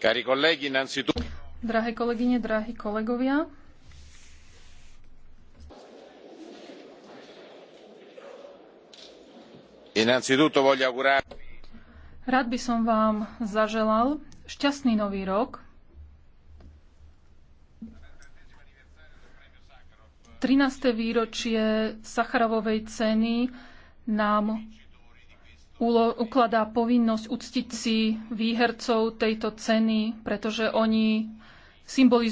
Drahé kolegyne, drahí kolegovia, Rád by som vám zaželal šťastný nový rok. 13. výročie Sacharovovej ceny nám ukladá povinnosť uctiť si výhercov tejto ceny, pretože oni symbolizujú